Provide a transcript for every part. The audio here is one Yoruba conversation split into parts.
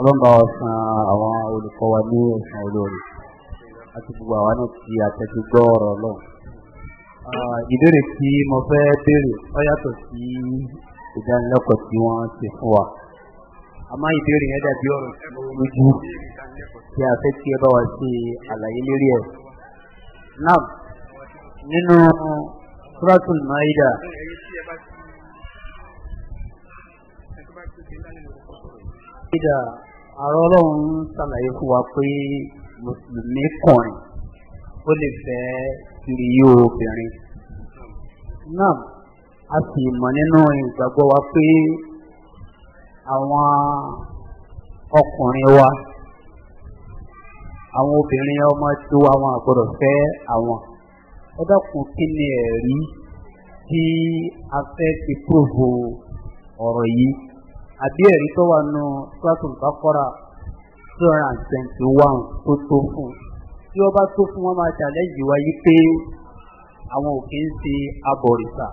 ọlọ́mọba wa san àwọn olùkọ́ wa ní ẹ̀sán olóore àti gbogbo àwa náà ti àtẹ̀tẹ̀ gbọ́ ọ̀rọ̀ lọ. ìbéèrè tí mo fẹ́ béèrè ọ yàtọ̀ sí ìdánilẹ́kọ̀ọ́ tí wọ́n ti fún wa. àmọ́ ìbéèrè yẹn dàbí ọ̀rọ̀ tí ó rújú tí a fẹ́ kí ẹ bá wa ṣe àlàyé lérí ẹ̀. náà nínú suratul maida maida àrọ ọlọ́run ṣàlàyé fún wa pé mùsùlùmí kùnrin ó lè fẹ́ kiri yóò obìnrin náà a sì mọ̀ nínú ìgbàgbọ́ wa pé àwọn ọkùnrin wa àwọn obìnrin ọmọ tó àwọn àgbọ̀dọ̀ fẹ àwọn ó dákun kí ni ẹ̀rí tí a fẹ́ fi pòròbò ọ̀rọ̀ yìí. àbí ẹ̀rí tó wà nù sọ́tún kọ́kọ́rà two hundred and twenty one tó tó fún tí wọ́n bá tó fún wọn máa ṣàlẹ́yìn wáyé pé àwọn ń ṣe abọ̀rìṣà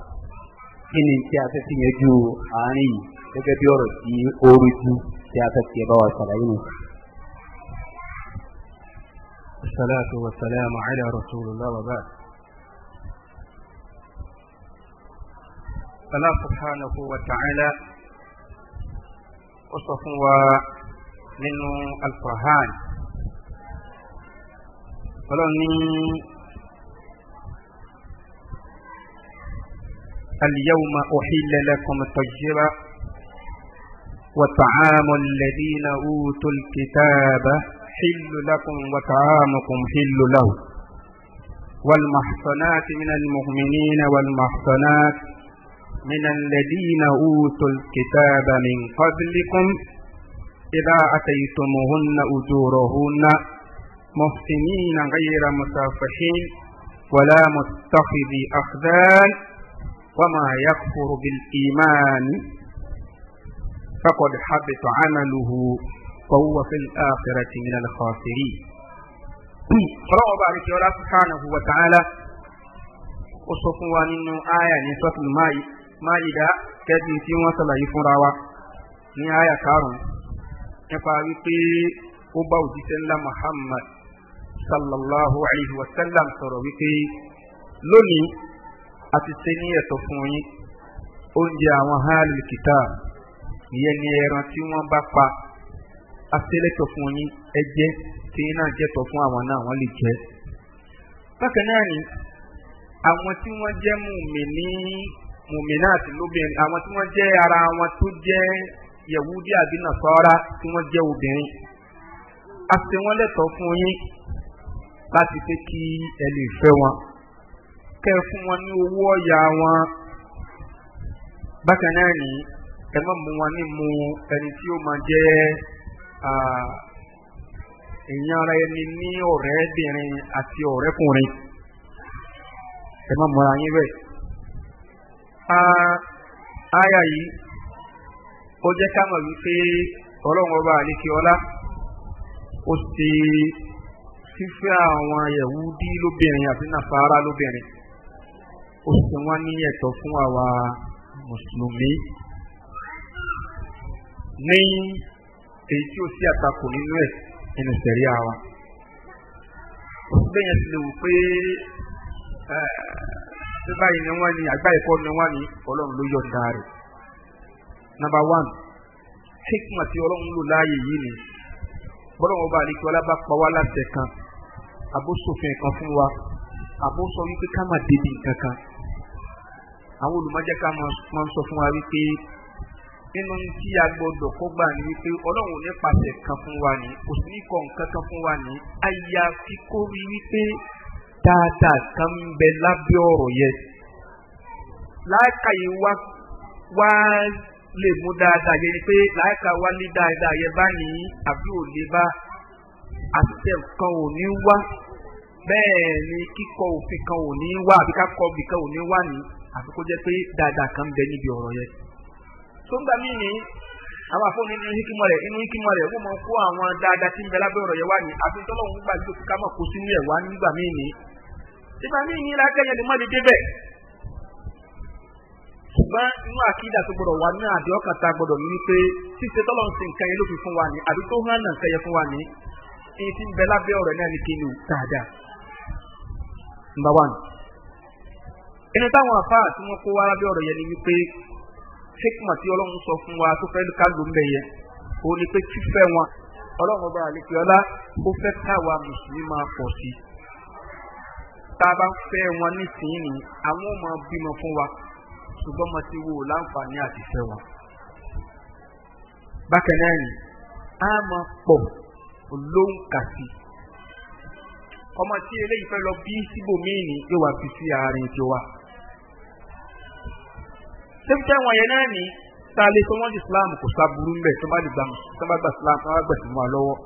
kí ni tí a fẹ́ fi yanjú àárín yìí gẹ́gẹ́ bí ọ̀rọ̀ tí ó tí a fẹ́ fi bá wa ṣàlàyé nù. الصلاة والسلام على رسول وصفوا من fún wa اليوم أحل لكم التجربة وطعام الذين أوتوا الكتاب حل لكم وطعامكم حل لهم والمحصنات من المؤمنين والمحصنات من الذين أوتوا الكتاب من قبلكم إذا أتيتموهن أجورهن محسنين غير مسافحين ولا متخذي أخذان وما يكفر بالإيمان فقد حبط عمله فهو في الآخرة من الخاسرين ọlọ́wọ́ bá الله سبحانه وتعالى subhanahu wa آية نصف sọ máìdá kẹ́bí tí wọ́n ṣàlàyé fúnra wa ní àyà karùn-ún nípa wípé ó bá òjíṣẹ́ ńlá muhammad sallallahu alayhi wa sallam sọ̀rọ̀ wípé lónìí a ti ṣe ní ẹ̀tọ́ fún yín oúnjẹ àwọn hálì kìtà ìyẹn ẹran tí wọ́n bá pa a ṣe lẹ́tọ̀ fún yín tí iná fún àwọn náà wọ́n lè jẹ. bákan tí wọ́n jẹ́ mú mi ní muminat lóbìnrin àwọn tí wọ́n jẹ́ ara wọn tó jẹ́ yẹ̀wúdí àbí nàṣọ́ra tí wọ́n jẹ́ obìnrin a ṣe wọ́n lẹ́tọ̀ọ́ fún yín láti pé kí ẹ lè fẹ́ wọn kẹ́ fún wọn ní owó ọ̀yà wọn bákan náà ní ẹ má mú wọn ní mu ẹni tí ó máa jẹ́ èèyàn ara ẹni ní ọ̀rẹ́bìnrin àti ọ̀rẹ́kùnrin ẹ má mú ara yín bẹ́ẹ̀. a yìí ó jẹ́ ká mọ̀ wípé ọlọ́run ọba àlékè ọlá ó ṣe fífẹ́ àwọn yẹ̀wúdí lóbìnrin àti nàfàárà lóbìnrin ó sì wọ́n ní ẹ̀tọ́ fún àwa mùsùlùmí ní èyí tí ó sí àtakò nínú ẹ̀ nínú àwa. ó sì ṣé báyìí ni wọ́n ní àgbáyé kọ́ ni wọ́n ní ọlọ́run ló yọ̀ǹda rẹ̀. nàbà wán hikma tí ọlọ́run lò láàyè yìí ni bọ́lọ́wọ́ bá àlejò ọlábà pa wá láṣẹ kan àbóṣòfin kan fún wa àbóṣọ wípé ká má débi nǹkan kan àwọn olùmọ̀jẹ́ ká máa ń sọ fún wa wípé nínú tí a gbọdọ̀ kó gbà ní wípé ọlọ́run nípasẹ̀ kan fún wa ní kò sí ní kọ̀ nǹkan kan fún wa ní àyàfi kó wípé dáadáa kan bẹ lábẹ́ ọ̀rọ̀ yẹn yi wa wa le mú dáadáa yẹn ni pé láàkà wá ni dáadáa yẹn báyìí àbí ò lè ba àtúntẹ̀ kan o ni wa bẹ́ẹ̀ ni kíkọ òfin kan ò ní wá àbí kákọ òbí kan ò ní wá ní àfi kó pé dáadáa kan bẹ níbi yẹn. tó ń gbà mí ni àwọn àfọwọ́n nínú hikimọ̀ rẹ̀ inú hikimọ̀ rẹ̀ wọ́n mọ̀ kó àwọn dáadáa tí ń bẹ lábẹ́ ọ̀rọ̀ yẹn wá ní àfi tọ́lọ́hún gbà nígbà míì ní lákẹ́yẹ lè má lè débẹ̀ ṣùgbọ́n inú àkídà tó gbọdọ̀ wà ní a gbọdọ̀ ní pé ṣíṣe tọ́lọ̀ ń sin nǹkan yẹn ló fi fún wa ní àbí tó hàn náà nǹkan yẹn fún wa ní èyí tí ń bẹ lábẹ́ náà ní kíni dáadáa. táwọn afá kó wá lábẹ́ ọ̀rọ̀ yẹn ni wípé hikma tí ọlọ́run sọ fún wa tó fẹ́ ká ló ń bẹ yẹn òun ni pé wọn ọlọ́run ọba àlekèọ́lá tá a bá fẹ́ wọn nísìnyí ni àwọn ọmọ bímọ fún wa ṣùgbọ́n mo ti wo láǹfààní àti fẹ́ wọn. bákan náà ni a máa pọ̀ lóǹkà sí i ọmọ tí eléyìí fẹ́ lọ bí síbòmíì ni yóò wá fi sí àárín tí ó wà. sẹ́fíṣà wọn yẹn náà ni tá a lè sọ wọ́n di islam kò sábúrú ń bẹ̀ tó bá lè gbà tó bá gbà islam tó bá gbẹ̀sìn wọn lọ́wọ́.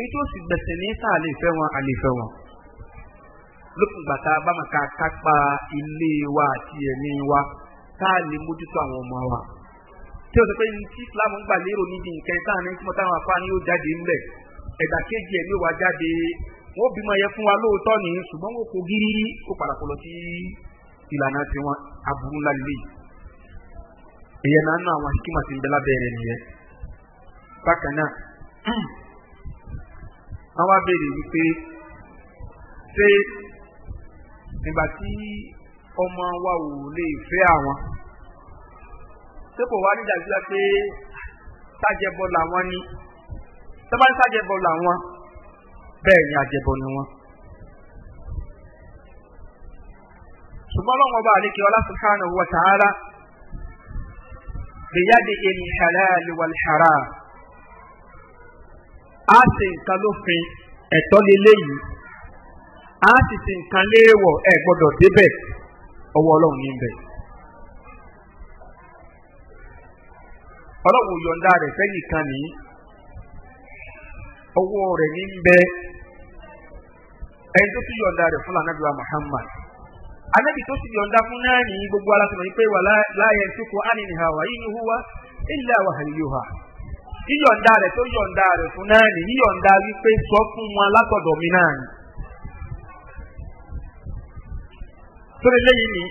èyí tó sì gbẹ̀sìn ní tá lè fẹ́ wọn a fẹ́ wọn lópin ìgbà tá a bá máa ka kápá ilé wa àti ẹ̀mí wa tá a lè mójútó àwọn ọmọ wa. tí o sọ pé ní tí islam ń gbà lérò níbi nǹkan tá a ní tí mo táwọn afáàní yóò jáde ńlẹ̀ ẹ̀dà kejì ẹ̀mí wa jáde wọ́n bímọ yẹ fún wa lóòótọ́ ní ṣùgbọ́n wọ́n kó gírírí kó padà sí ìlànà tiwọn aburú ńlá lè. ìyẹn náà nù àwọn akíkímà ti ń bẹ nìyẹn. bákan náà àwọn abẹ́rẹ́ wípé ṣé nígbà tí ọmọ wa ò lè fẹ́ àwọn tí kò wá nígbà tí wọ́n pé sájẹbọ làwọn ni tó bá ń sájẹbọ làwọn bẹ́ẹ̀ ni àjẹbọ ni wọ́n. ṣùgbọ́n lọ́wọ́ bá àlékè ọlá subhanahu wa ta'ala bìyàdì ìní halal wal á sì nǹkan lófin ẹ̀tọ́ lélẹ́yìí. a ti ṣe nǹkan léèwọ̀ ẹ gbọ́dọ̀ débẹ̀ ọwọ́ ọlọ́run ní bẹ̀. ọlọ́run yọ̀ǹda rẹ̀ sẹ́yìn kan nìyí ọwọ́ rẹ̀ ní ẹni tó ti fún Muhammad anabi tó ti gbogbo wà huwa ha tó fún náà wípé sọ fún wọn mi torí lẹ́yìn ni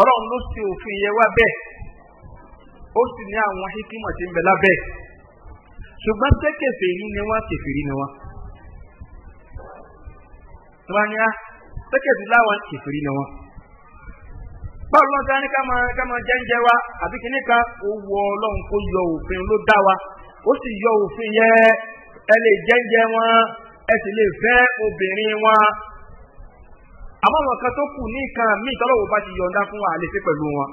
ọlọ́run ló òfin yẹn ó sì yìí ní ni wọ́n. báwo ló ń ni wa àbí kíní kan ó wọ ọlọ́run kó yọ òfin ló dá wa ó sì yọ òfin yẹn ẹ lè wọn ẹ sì lè fẹ́ obìnrin àmọ́ àwọn kan tó kù ní nǹkan míì tọ́lọ́wọ́ bá ti yọ̀ǹda fún wa lè ṣe pẹ̀lú wọn.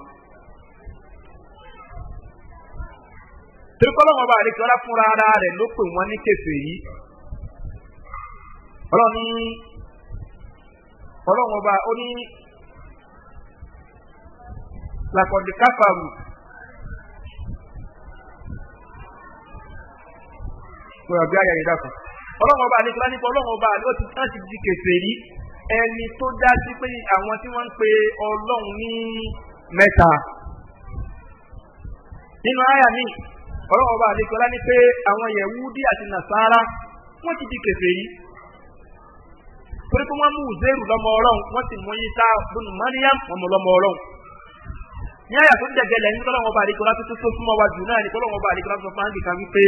tirikọ́lọ́wọ́ bá rí kí ọlá fúnra ara rẹ̀ ló pè wọ́n ní kẹfẹ́ yìí. ọlọ́ni ọlọ́wọ́ bá ó ní làkọ̀dé káfàrù. kò yà bí ayẹyẹ dàkú. ọlọ́wọ́ bá ní kí wọ́n ní kẹfẹ́ yìí ẹni tó dá sí pé àwọn tí wọ́n ń pe ọlọ́run ní mẹ́ta nínú àyà mi ọlọ́run ọba àdékọ́lá ní pé àwọn yẹ̀wúdí àti nàṣàrà wọ́n ti di kèfèrí torí pé wọ́n mú uzeiru lọ́mọ ọlọ́run wọ́n sì mú yíṣà bùnú mariam ọmọ lọ́mọ ọlọ́run ní àyà tó dẹ̀gẹ̀lẹ̀ ní tọ́lọ́run ọba àdékọ́lá tó tó súnmọ́ wa jù náà ní tọ́lọ́run ọba àdékọ́lá tó fún àǹdíkà wípé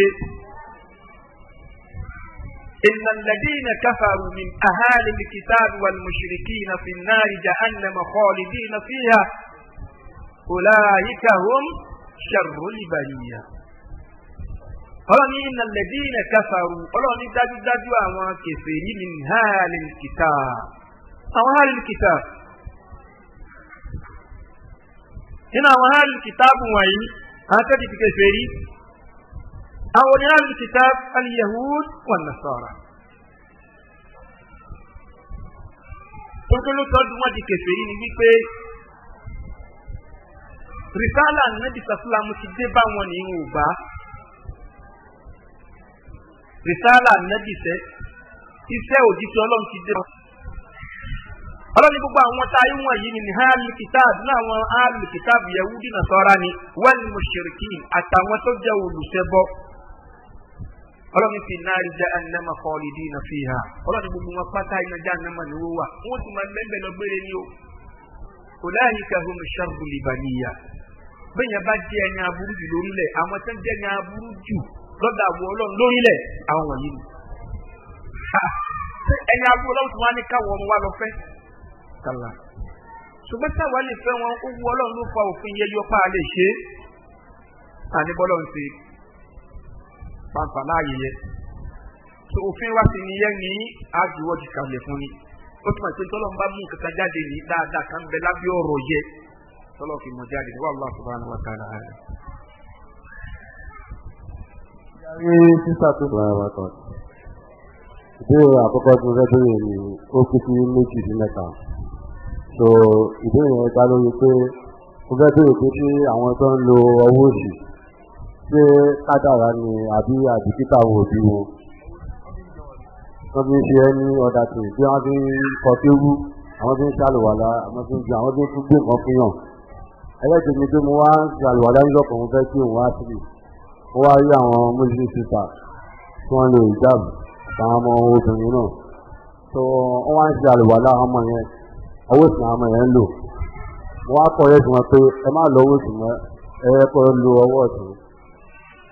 إن الذين كفروا من أهل الكتاب والمشركين في النار جهنم خالدين فيها أولئك هم شر البرية ọlọ́ni ìnàlẹ́dínlẹ̀ káfàrú ọlọ́ni dájúdájú àwọn kẹfẹ́rí ní hàlìkìtà àwọn hàlìkìtà nínú àwọn hàlìkìtà bùn wáyé àwọn kẹ́tìtì kẹfẹ́rí أو ní الكتاب اليهود والنصارى. yahud wa nasara. tókòló tọ́dún wọn di kèfèrí ni wípé rìsálà nàbì sàfúlàmù ti dé bá wọn nìyí ò gbà rìsálà nàbì sẹ iṣẹ́ òjíṣẹ́ ọlọ́run ti dé wọn ọlọ́ni gbogbo àwọn tá a yí wọ̀nyí ni ní hàlì kìtàbù náà àwọn hàlì kìtàbù yahudi nasara ni wal àtàwọn tó jẹ́ olùṣẹ́bọ ọlọ́ni fi náà jẹ́ anamọ kọ́ọ̀lìdì náà fi hà ọlọ́ni gbogbo wọn pátá iná jẹ́ anamọ ni wọ́n wà wọ́n ti máa lẹ́ńbẹ̀ lọ gbére ni o ọláyìí kahun ṣàbùlì bàníyà bẹ́ẹ̀ yẹn bá jẹ́ ẹni aburú jù lórílẹ̀ àwọn tó ń jẹ́ ẹni aburú jù lọ́dà wọ ọlọ́run lórílẹ̀ àwọn wọ̀nyí ni ẹni aburú ọlọ́run tí wọ́n ní káwọ́ ọmọ wa lọ fẹ́ kàlá ṣùgbọ́n fanfa láàyè yẹ so òfin wa sì nìyẹn ní àjùwọ́jì kalẹ̀ fún ni ó túmọ̀ pé tọ́lọ́ ń bá mú kankan jáde ní dáadáa kan bẹ lábẹ́ ọ̀rọ̀ yẹ tọ́lọ́ fi mọ̀ jáde ní wàhálà subhanahu wa ta'ala. yàrá sísá tó bá wa kọ ìbéèrè àkọ́kọ́ tí mo fẹ́ bẹ̀rẹ̀ ni ó kú sí méjì sí mẹ́ta so ìbéèrè yẹn dá lórí pé mo fẹ́ bẹ̀rẹ̀ pé kí àwọn tó ń lo ọwọ́ òsì ṣé kádàrá ni àbí àdìkítà àwọn òbí wo wọ́n fi ń ṣe ẹni ọ̀dà tó bí wọ́n fi ń kọ kéwú àwọn fi ń ṣàlùwàlá àwọn fi ń ju àwọn fi ń tún gbé nǹkan fún yàn ẹlẹ́sìn mi pé mo wá ń ṣàlùwàlá nígbà kan fẹ́ kí òun wá sí mi mo wá rí àwọn mọ́sílẹ̀ sísà tí wọ́n lo ìjáàbù àtàwọn ọmọ obìnrin náà tó wọ́n wá ń ṣàlùwàlá ọmọ yẹn owó sì àwọn ọmọ yẹn ń lò mo wá kọ́ lo ọwọ́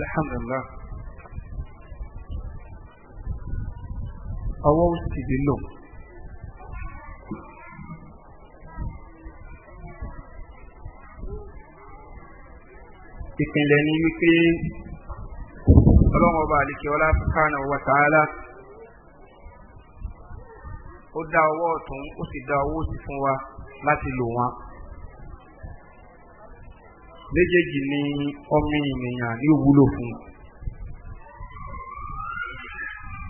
alhamdulillah ọwọ́ òsì lílò ìpínlẹ̀ ní wípé ọlọ́run ọba àlìkè ọlá subhanahu wa ta'ala ó dá ọwọ́ ọ̀tún ó sì dá ọwọ́ òsì fún wa láti lò wọ́n méjèèjì ni ọmọ ènìyàn ní òwúlò fún un.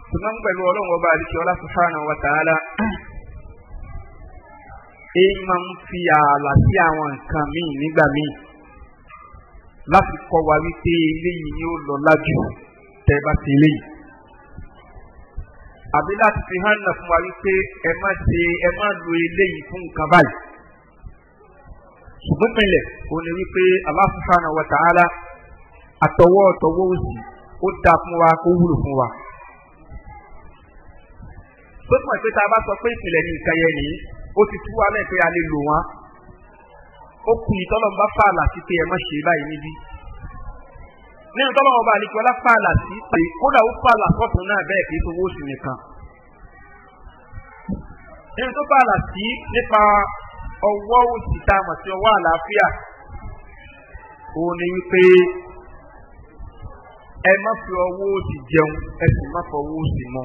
ṣùgbọ́n pẹ̀lú ọlọ́run ọba àdìsí ọlá subhanahu wa ta'ala èyí máa ń fi ààlà sí àwọn nǹkan míì nígbà míì láti kọ́ wa wípé eléyìí ni ó lọ lájú tẹ́ bá ti léyìí àbí láti fi hàn náà fún wa wípé ẹ má ṣe ẹ má lo eléyìí fún nǹkan báyìí ṣùgbọ́n pinlẹ̀ ó ní wípé Allah subhanahu wa ta'ala àtọwọ́ ọ̀tọwọ́ òsì ó da fún wa kó wúlò fún wa. tó túmọ̀ pé tá a bá sọ pé ìpìlẹ̀ ní nǹkan yẹn nìyí ó ti tú wa lẹ́ẹ̀pẹ́ a lè lò wọ́n ó kù ìtọ́lọ́mùbá fààlà sí pé ẹ má ṣe báyìí níbí nínú tọ́lọ́wọ́ bá ní kí sí pé kódà ó fàlà sọ́tún náà bẹ́ẹ̀ kì í sọ owó oṣù nìkan. nínú tó fàlà sí nípa ọwọ́ òsì tá a mọ̀ sí ọwọ́ àlàáfíà òun ni wípé ẹ má fi ọwọ́ òsì jẹun ẹ sì má fọwọ́ òsì mu.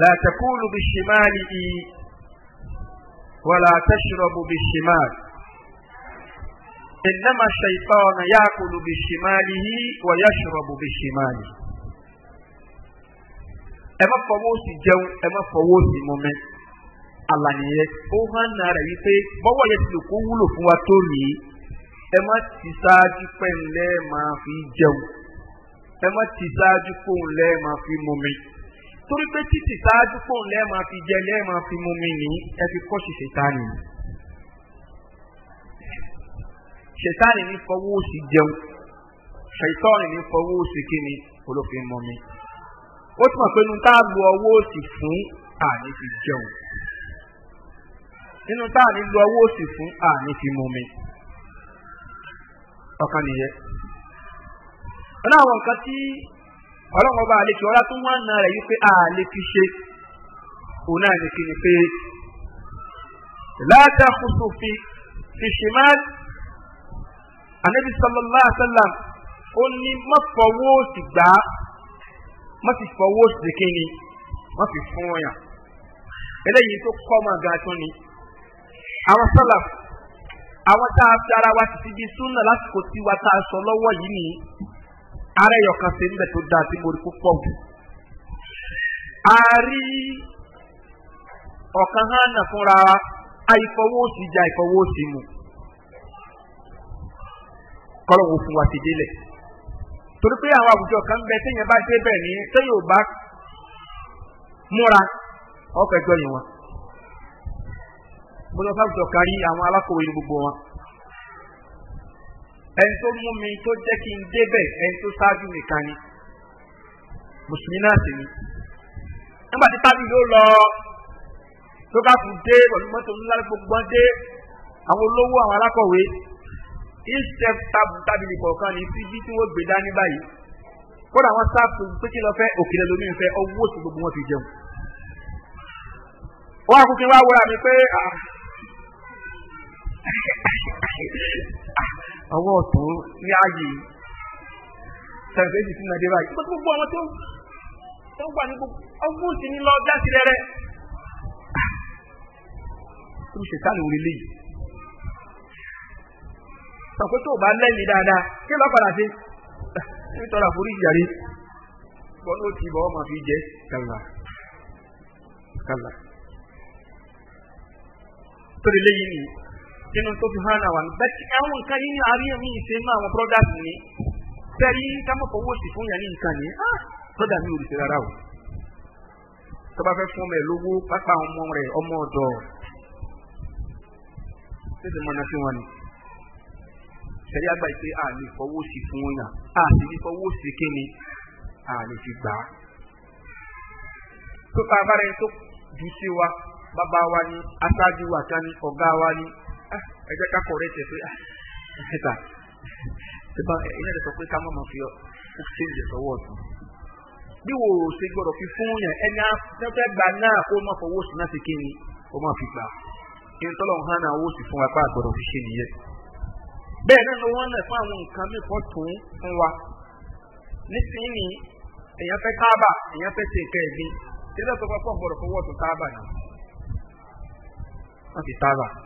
la takulu bishimalihi wala tashrabu bishimali. إنما الشيطان يأكل بشماله ويشرب بشماله ẹ má fọwọ́ òsì jẹun ẹ àlàyé yẹn ó hàn náà rẹ̀ wípé bọ́wọ́ yẹn ti lè kó wúlò fún wa tó rèé ẹ má ti ṣáájú pẹ́ńlẹ́ máa fi jẹun ẹ má ti ṣáájú pọ́ńlẹ́ máa fi mumi torí pé títí ṣáájú pọ́ńlẹ́ máa fi jẹ lẹ́ máa fi mumi ní ẹ fi kọ́ sí ṣètánì ṣètánì ní fọwọ́ sí jẹun ṣètánì ní fọwọ́ sí kíni olófin mumi ó túmọ̀ pé nu tá a lo ọwọ́ òsì fún àní fi jẹun nínú tá à ní lo ọwọ́ òsì fún àní fi mú mi ọkàn nìyẹn ọ̀nà àwọn nǹkan tí ọlọ́run ọba àlejò ọlá tó wọ́n na rẹ̀ yí pé a lè fi ṣe òun náà ní kí ni pé látàkùsù fi fi ṣe máa anabi sallallahu alaihi wa sallam ó ní má fọwọ́ sí gbà á má sì fọwọ́ sí kí ni má fi fún ọyàn eléyìí tó kọ́ máa ga tún ni àwọn sọlá àwọn tá a fi ara wa ti di súnà lásìkò tí wa tá a sọ lọ́wọ́ yìí ni ara ẹ̀yọ̀ kan ṣe níbẹ̀ tó dáa tí mo rí púpọ̀ jù. a rí ọ̀kan hàn náà fúnra àìfọwọ́sí jẹ àìfọwọ́sí mu kọ́lọ̀ wo fún wa ti délẹ̀ torí pé àwọn àwùjọ kan bẹ téèyàn bá dé bẹ́ẹ̀ ni téèyàn ò bá múra ọkọ̀ ẹjọ́ yìí wọn mo lọ sáwùjọ kárí àwọn alákòwé ní gbogbo wọn ẹni tó mú mi tó jẹ́ kí n débẹ̀ ẹni tó ṣáájú nìkan ni mùsùlùmí náà sì ni nígbà tí tábìlì ó lọ tó káfù dé pẹ̀lú mọ́tò ńlá gbogbo dé àwọn olówó àwọn alákọ̀wé ìṣẹ́f tábìlì kọ̀ọ̀kan ní síbi tí wọ́n gbé dání báyìí kódà wọn sáàpù pé kí lọ fẹ́ òkèlè lómi fẹ́ ọwọ́ òsì gbogbo wọn fi jẹun. wọ́n á kúkú wá wúra mi pé ah, ọwọ́ ọ̀tún ní ààyè tẹ̀síwéjì sínú ẹ̀dẹ́ báyìí. gbogbo àwọn tó tó gbà ní gbogbo ọgbọ́n sì ní lọ dá sílẹ̀ rẹ̀. ó ṣe sáà lórí léyìí. sọ̀kò tó bá lẹ́yìn dáadáa kí ló padà sí. nítorí àforíjì yàrá bọ́n ó ti bọ́ ọmọ fi jẹ́ kàlà kàlà. torí léyìí nìyí sínú tó fi hàn àwọn bẹ́ẹ̀ àwọn nǹkan yìí àárín mi ṣe mú àwọn product ni sẹ́rí kámọ́kọ̀ owó sì fún yẹn ní nǹkan ni ah! sọ́dà mi ò lè ṣe rárá o tó bá fẹ́ fún ọmọ ẹ̀ lówó pápá ọmọ rẹ̀ ọmọ ọ̀dọ̀ tètè mọ̀nà sí ni sẹ́rí àgbà yìí pé a lè fọwọ́ sí fún yàn a lè fọwọ́ sí kíni a lè fi gbà á tó bá a bá rẹ̀ tó jù sí wa bàbá wa ni aṣáájú wa kan ni ọ̀gá wa ni. Ah, ẹ jẹ́ ká kọ̀ọ̀rẹ́ tẹ̀ pé ah, ẹ̀ta ìbá ẹ̀yìn ẹ̀dẹ̀ sọ pé ká má máa fi ṣe ń jẹ̀sọ̀ wọ̀ ọ̀tún. bí wò ṣe fi fún yàn ẹni afẹ́fẹ́ gbà náà kó má sí náà ṣe kí ni ó má fi gbà. kí n tọ́lọ̀ ń fún wa pé àgbọ̀dọ̀ fi ṣe nìyẹn. bẹ́ẹ̀ náà wọ́n lẹ̀ fún àwọn nǹkan tún fún wa. nísìnyí èèyàn fẹ́ èèyàn fẹ́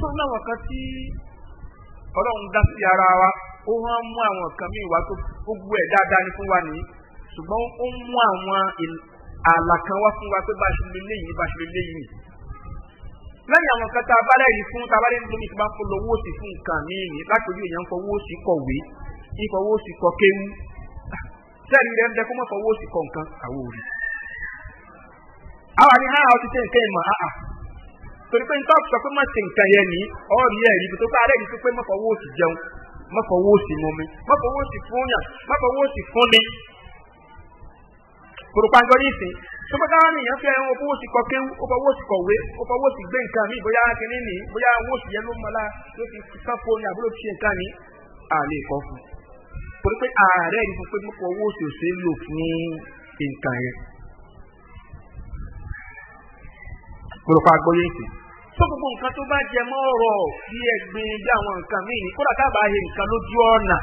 tó láwọn kan tí ọlọ́run dá sí ara wa ó hàn mú àwọn kan míì wá tó gbogbo ẹ̀ dáadáa ní fún wa nìyí ṣùgbọ́n ó mú àwọn ààlà kan wá fún wa pé bá a ṣe lè léyìí bá a ṣe lè léyìí nìyí lẹ́yìn àwọn kan tá a bá lẹ́yìn fún tá a bá lẹ́yìn lómi tí bá ń fọlọ owó sí fún nǹkan míì ní láti ojú èèyàn ń fọwọ́ kọ̀wé ń fọwọ́ sí kéwú sẹ́ẹ̀rì rẹ̀ ń bẹ kó mọ̀ fọwọ́ sí kọ nǹkan àwọn òrì. àwa ni háà ọtí tẹ nǹkan ìmọ̀ torí pé nítorí sọ pé má ṣe nǹkan yẹn ní ọ̀rí ẹ̀rí ibi tó pé alẹ́ yìí tó pé má fọwọ́ òsì jẹun má fọwọ́ òsì mú mi má fọwọ́ òsì fún yàn má fọwọ́ òsì fún mi. kòròpàǹgọ́ ní ìsìn tó bá dáhà nìyẹn fẹ́ ó fọwọ́ òsì kọ kéwú òsì kọ̀wé ó òsì gbé nǹkan mi bóyá kínní nì bóyá owó òsì yẹn ló mọ́lá ló fi ni àbúrò fi ṣe nǹkan ni àlè kọ́ fún torí pé ààrẹ yìí fún pé mo fọwọ́ òsì òsè lò fún nǹkan ìsìn tó gbogbo nǹkan tó bá jẹ mọ́ ọ̀rọ̀ bí ẹ̀gbin bí àwọn nǹkan míì ní kódà tá a bá he nǹkan lójú ọ̀nà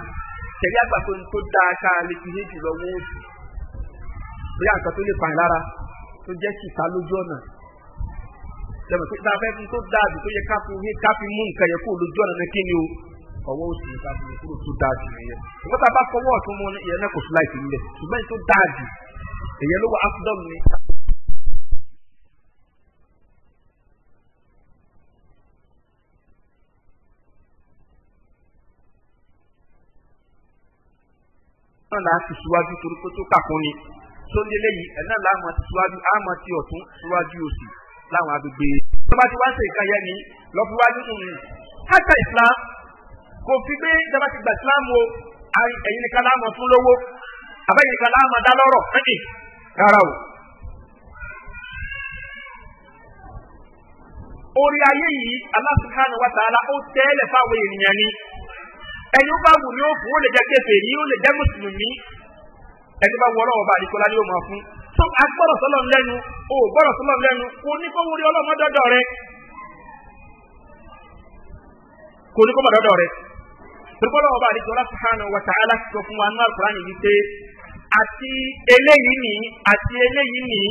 tẹ̀lé àgbà pé tó dáa ká lè fi hé jùlọ wọ́n oṣù bóyá nǹkan tó lè pààyàn lára tó jẹ́ kìta lójú ọ̀nà tẹ̀mọ̀ pé tá a fẹ́ fún tó dáa jù tó yẹ ká fi hé ká fi mú nǹkan yẹn kúrò lójú ọ̀nà kí ni o ọwọ́ oṣù yẹn ká fi mú kúrò tó dáa jù nìyẹn ìwọ́n tá a bá fọwọ́ ọ̀tún là á ti síwájú torí pé tó kàkún ni tó ní eléyìí ẹ̀ náà láàmú ti síwájú àmọ́ ti ọ̀tún síwájú òsì láwọn agbègbè. ìjọba ti wá ṣe nǹkan yẹn ni lọ́fíwájú nù. káta islam kò fi gbé ìjọba ti gbà islam o ẹ̀yin nìkan láàmú fún lówó àbẹ́yìn nìkan láàmú dá lọ́rọ̀ ẹ̀yìn rárá o. orí ayé yìí Allah subhanahu wa ta'ala ó tẹ́lẹ̀ fáwọn ènìyàn ni. ẹni ó bá wù ní ó fún ó lè jẹ́ kèfèrí ó lè jẹ́ mùsùlùmí ẹni bá wọ ọlọ́wọ́ bá àdìkọ́lá ni ó máa fún tó agbọ́dọ̀ sọ́lọ̀ lẹ́nu ó gbọ́dọ̀ sọlọ lẹ́nu kò ní kó wúri ọlọ́mọ rẹ kò ní kó rẹ ọba àdìsọ́lá fún wa nínú yìí àti eléyìí ni àti eléyìí ni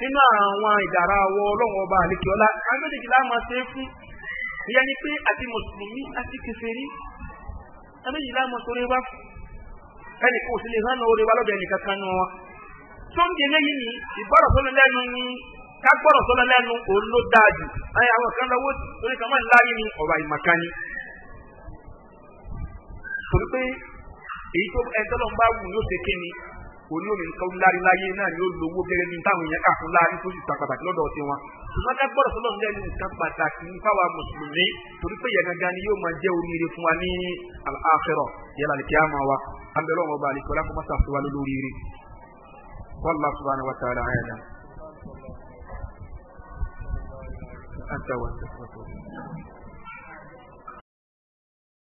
nínú àwọn ìdára wọ ọlọ́run ọba àdìsọ́lá kájọ́dìgì láwọn ṣe é fún ìyẹn ni pé àti nǹkan méjì láàmú torí wá fún ẹnì kò sí lè hàn lórí wa lọ́dọ̀ ẹnìkan kan nù wọn. tó ń délé yìí ni ìgbọ́rọ̀ sọ́lọ́ lẹ́nu ni ká gbọ́rọ̀ sọ́lọ́ lẹ́nu òun ló dáa jù ẹ àwọn kan lọ́wọ́ torí kan máa ń láyé ni ọ̀rọ̀ àìmọ̀kan ni. torí pé èyí tó ẹ òní òní nǹkan lárí láyé náà ni ó lówó gẹ́gẹ́ bí táwọn èèyàn kà fún láàrí tó sì ta pàtàkì lọ́dọ̀ ọtí wọn. ṣùgbọ́n ká gbọ́dọ̀ sọ́dọ̀ ní ẹni nǹkan pàtàkì ní fáwa mùsùlùmí torí pé yẹn gangan ni yóò máa jẹ́ oríire fún wa ní àfẹ́rọ̀ yẹn lálẹ́ kí wa abẹ́rẹ́ ọ̀rọ̀ ọba àlekọ́ lápò mọ́tà fún wa lóríire. wàllá